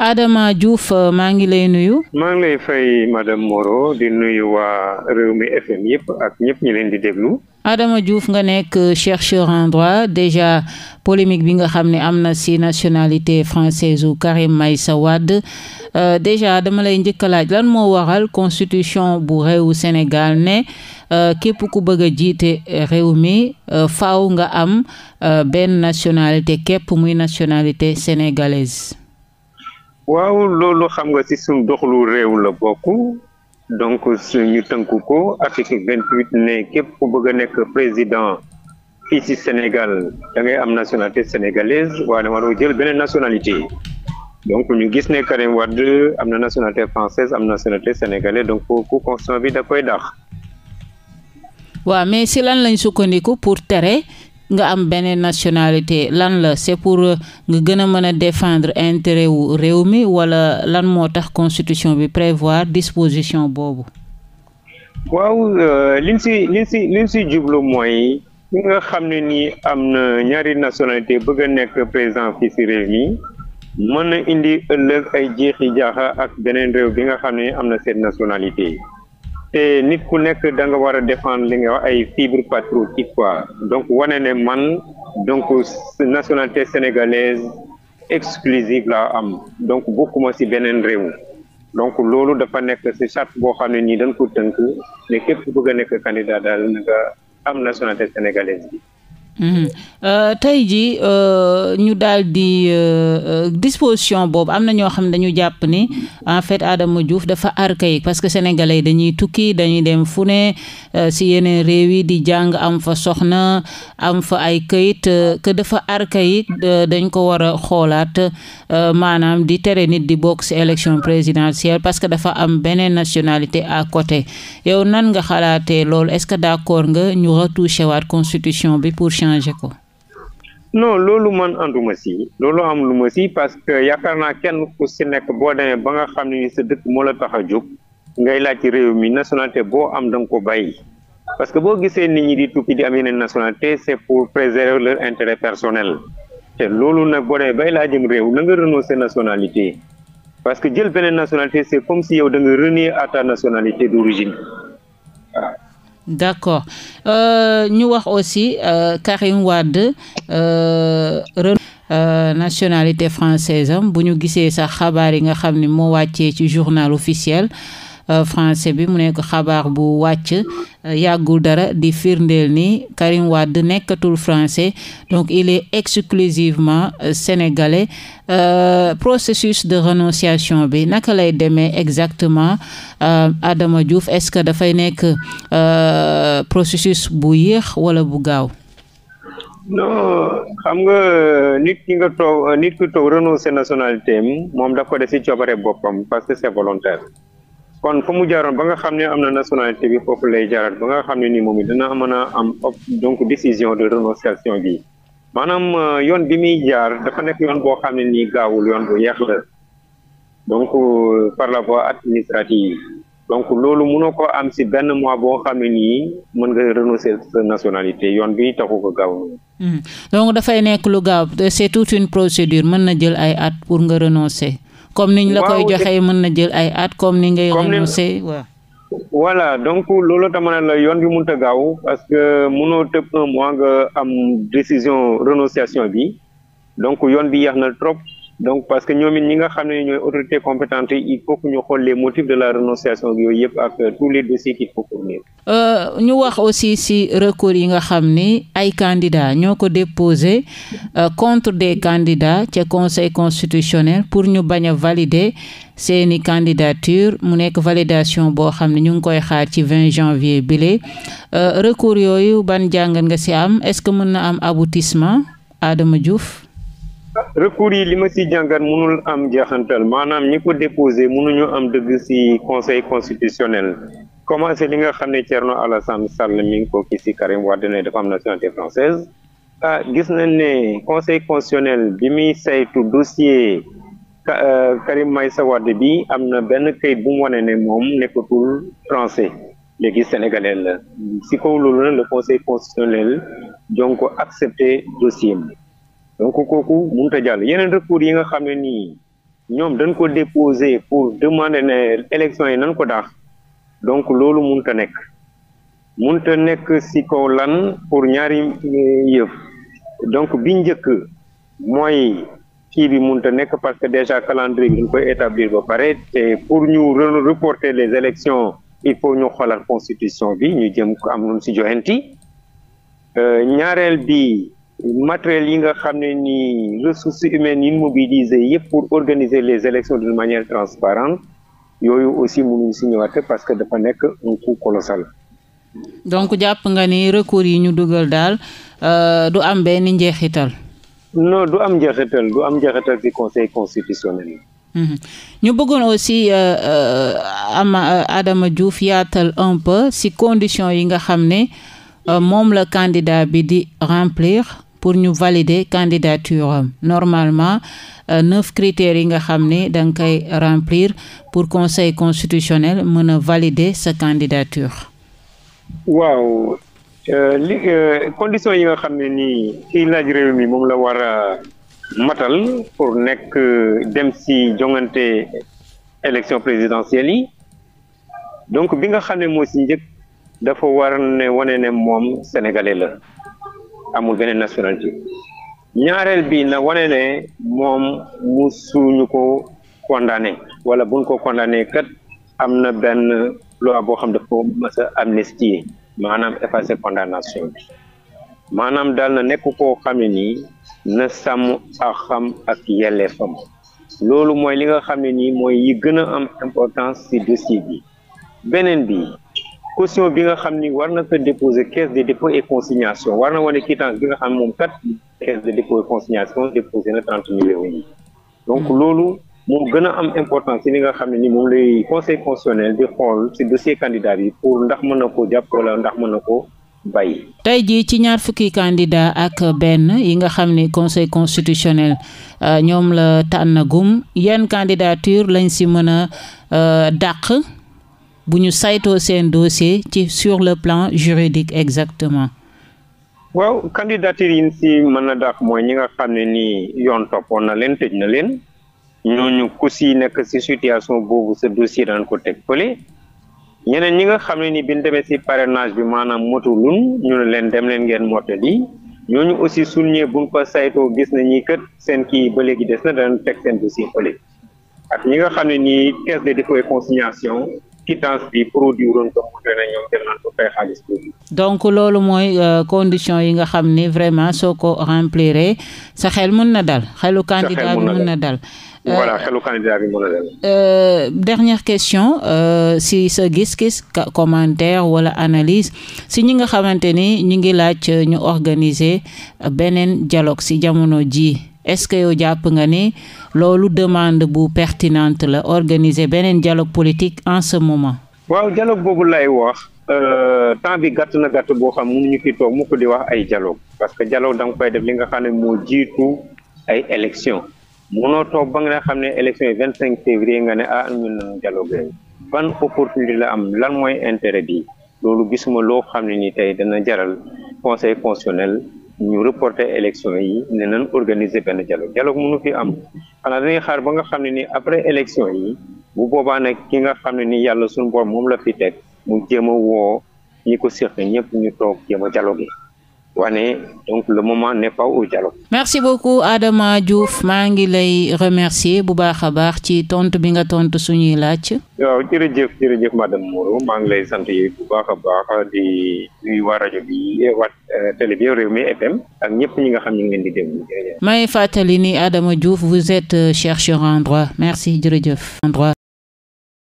Adama Diouf euh, maa ngi lay nuyu. maa ngi lay fay madame Moreau di nuyu waa Rewmi FM yëpp ak ñëpp ñi leen di déglu. Adama Diouf nga nekk euh, chercheur en droit déjà polémique bi nga xam ne am na ci nationalité française u Karim Meïssa Wade euh, déjà dama lay njëkkalaaj a lan moo waral constitution bu réewu Sénégal ne euh, képp ku bëgg a jiite réew mi faw nga am benn nationalité képp muy nationalité sénégalaise. waaw loolu xam nga ci suñ doxlu réew la bokk donc suñu tënk ko article vingt huit ne képp ku bëgg a nekk président fii ci Sénégal dangay ngay am nationalité sénégalaise waaye waroo jël beneen nationalité donc ñu gis ne Karim Wade am na nationalité française am na nationalité sénégalaise donc kooku constitution bi da koy dàq. waaw mais si lan lañ sukkandiku pour tere nga am beneen nationalité lan la c'est pour euh, nga gën a mën a défendre intérêt wu réew mi wala lan moo tax constitution bi prévoir disposition boobu. waaw euh, liñ si liñ si liñ si jublu mooy ki nga xam ne nii am na ñaari nationalité bëgg a nekk président fii si réew mi mën na indi ëllëg ay jeexi jaaxa ak beneen réew bi nga xam ne am na seen nationalité. nit ku nekk da nga war a défendre li nga wax ay fibre patriotique quoi donc wane ne man donc nationalité sénégalaise exclusive laa am donc bokkuma ci beneen réew donc loolu dafa nekk si charte boo xam ne nii dañ ko tënk ne képp ku a nekk candidat daal na am nationalité sénégalaise bi Mhm. Euh, tey jii euh, ñu daal di euh, disposition boobu am na ñoo xam ne dañu jàpp ni en fait Adama Diouf dafa archaïque parce que yi dañuy tukki dañuy dem fu ne si yeneen réew yi di jàng am fa soxna am fa ay këyit que dafa archaïque dañ ko war a xoolaat maanaam di tere nit di bokk si élection présidentielle parce que dafa am beneen nationalité à côté yow nan nga xalaatee loolu est-ce que d'accord nga ñu retouché waat constitution bi pour changer changé ko. non loolu man ànduma si loolu am lu ma si parce que yaakaar naa kenn ku si nekk boo demee ba nga xam ne sa dëkk moo la tax a jóg ngay laaj réew mi nationalité boo am da nga ko bay parce que boo gisee nit ñi di tukki di am yeneen nationalité c'est pour préserver leur intérêt personnel te loolu nag boo demee bay laajum réew na nga renoncer nationalité parce que jël beneen nationalité c'est comme si yow da nga renier à ta nationalité d'origine waaw d' accord euh, ñu wax aussi euh, Karim Wade euh, euh, nationalité française am bu ñu gisee sax xabaar yi nga xam ni moo wàccee ci journal officiel Euh, français bi mu nekk xabaar bu wàcc euh, yàggul dara di firndeel ni Karim Wade nekkatul français donc il est exclusivement euh, sénégalais processus de renonciation bi naka lay demee exactement Adama Diouf est-ce que dafay nekk processus bu yéex wala bu gaaw non xam nga nit ki nga toog nit ki toog renoncé nationalité moom daf ko def ci coobare boppam parce que c'est volontaire kon fu mu jaaroon ba nga xam ne am na nationalité bi foofu lay jaaraat ba nga xam ne ni moom it dina mën a am donc décision de renonciation bi maanaam euh, yoon bi muy jaar dafa nekk yoon boo xam ne nii gaawul yoon bu yeex la donc euh, par la voie administrative donc loolu mënoo ko am si benn mois boo xam ne nii mën nga renoncer sa nationalité yoon bi taxu ko gaaw hmm. donc dafay nekk lu gaaw c'est toute une procédure mën na jël ay at pour nga renoncer comme niñ la koy joxee mën na jël ay at comme ni ngay renoncer waaw voilà donc loolu tam la yoon bi mënut a gaaw parce que mënoo tëb un mois nga am décision renonciation bi donc yoon bi yéex na trop donc parce que ñoom ñi nga xam ne ñooy autorités compétentes yi il faut que ñu xool les motifs de la renonciation ak yooyu yëpp ak euh, tous les dossiers qu'il faut fournir. Euh, ñu wax aussi ci recours yi nga xam ni ay candidats ñoo ko déposé euh, contre des candidats ca conseil constitutionnel pour ñu bañ a valider seeni candidature mu nekk validation boo xam ne ñu ngi koy xaar ci 20 janvier bile recours yooyu ban jàngat nga ci am est-ce que mën na am aboutissement Adama Diouf. recours yi li ma si jàngat mënul am jeexantal maanaam ñi ko déposé mënuñu am dëgg si conseil constitutionnel commencé li nga xam ne Thierno Alassane Sall mi ngi ko kii si Karim Wade ne dafa am nationalité française ah gis nañ ne conseil constitutionnel bi muy saytu dossier euh, Karim Meïssa Wade bi am na benn kayit bu mu wane ne moom nekkatul français léegi sénégalais la si kaw loolu nag le conseil constitutionnel donc accepté dossier bi donc kooku mënut a jàll yeneen recours yi nga xam ne nii ñoom dañ ko déposé pour demander ne élection yi nañ ko daax donc loolu mënut a nekk mënut a nekk si kaw lan pour ñaari eh, yëf donc bi njëkk mooy kii bi mënut a nekk parce que déjà calendrier bi dañ koy établir ba pare te pour ñu reporter les élections il faut ñu xoolal constitution bi ñu jëm am nun si joxenti euh, ñaareel bi matériel yi nga xam ne ni ressources humaines yi mobilisées yëpp pour organiser les élections d'une manière transparente yooyu aussi mënuñu si ñëwaat parce que dafa nekk un coût colossal jàpp nga ni recours yi ñu dugal daal euh, du am benn njeexital non du am njeexital du am njeexital ci conseil constitutionnel mhm. ñu bëggoon aussi euh, euh, ama Adama Diouf yaatal un peu si conditions yi nga xam ne moom la candidat bi di remplir pour ñu valider candidature am normalement euh, neuf critères yi nga xam ne da nga koy remplir pour conseil constitutionnel mën a valider sa candidature. waaw euh, li euh, conditions yi nga xam ne nii kii laaj réew mi moom la war a matal pour nekk dem si joŋante élection présidentielle yi donc bi nga xam ne moo si njëkk dafa war ne wane ne moom sénégalais la. amul beneen nationalité ñaareel bi na wane moom mu suñu ko condamné wala buñ ko condamné kat am na benn loi boo xam dafa mas a amnistie maanaam effacé condamnation bi maanaam daal na nekk koo xam ne nii na sàmm ak xam ak yelleefam loolu mooy li nga xam ne nii mooy yi gën a am importance ci dossier bi beneen bi caution bi nga xam ni war na ko déposer caisse de dépôt et consignation war na wane quittance bi nga xam moom kat caisse de dépôt et consignation déposé na trente millions yi donc hmm. loolu moo gën a am importance ci li nga xam ni moom lay conseil constitutionnel di xool ci dossier candidat bi pour ndax mën na ko jàpp wala ndax mën na ko bàyyi. tey jii ci ñaar fukki candidat ak benn yi nga xam ne conseil constitutionnel euh, ñoom la tànnagum yan candidature lañ ci mën a euh, dàq. bu ñu saytoo seen dossier ci sur le plan juridique exactement waaw candidature yi si mën na dax mooy ñi nga xam ne nii yoon toppoon na leen tëj na leen ñooñu ku si nekk si situation boobu sa dossier daan ko teg fële ñeneen ñi nga xam ne ni biñ demee si parenage bi maanaam moto lun ñu ne leen dem leen ngeen mottali ñooñu aussi suñu ñëwee buñ ko saytoo gis na ñi seen kii ba léegi des na daan teg seen dossier fële ak ñi nga xam ne nii caisse de dépôt et consignation donc loolu mooy euh, condition yi nga xam ni vraiment soo ko rempliré sa xel mun na dal. xelu candidat bi mun na dal. Euh, voilà xelu candidat bi euh, question si sa gis-gis commentaire wala analyse si ñi nga xamante ni ñu ngi laaj ñu organiser beneen dialogue si jamono ji est-ce que yow jàpp nga ni loolu demande bu pertinente la organiser beneen dialogue politique en ce moment. waaw dialogue boobu lay wax. Euh, temps bi gàtt na gàtt boo xam mënuñu fi toog mu di wax ay dialogue parce que dialogue da koy def li nga xam ne moo jiitu ay élection mënoo toog ba nga xam ne élection yi vingt cinq février nga ne ah ñun nañu dialogue ban opportunité la am lan mooy intérêt bi loolu gisuma loo xam ne ni tey dana jaral conseil constitutionnel ñu reporté élection yi ne nañ organiser benn dialogue dialogue mënu fi am xanaa dañuy xaar ba nga xam ne ni après élection yi bu boobaa nag ki nga xam ne ni yàlla suñu borom moom la fi teg mu jéem a woo ko séq ñëpp ñu toog jéem a dialogue wane donc le moment n'est pas au merci beaucoup Adama Diouf maa ngi lay remercier bu baax a baax ci tontu bi nga tontu suñuy laaj. waaw jërëjëf jërëjëf madame Moreau maa ngi lay sant bu baax a baax di nuyu waa rajo bi waa euh, télé bi Rewmi FM ak ñëpp ñi nga xam ñu ngi leen di déglu. may fàttali ni Adama Diouf vous êtes euh, chercheur en droit merci jërëjëf en droit.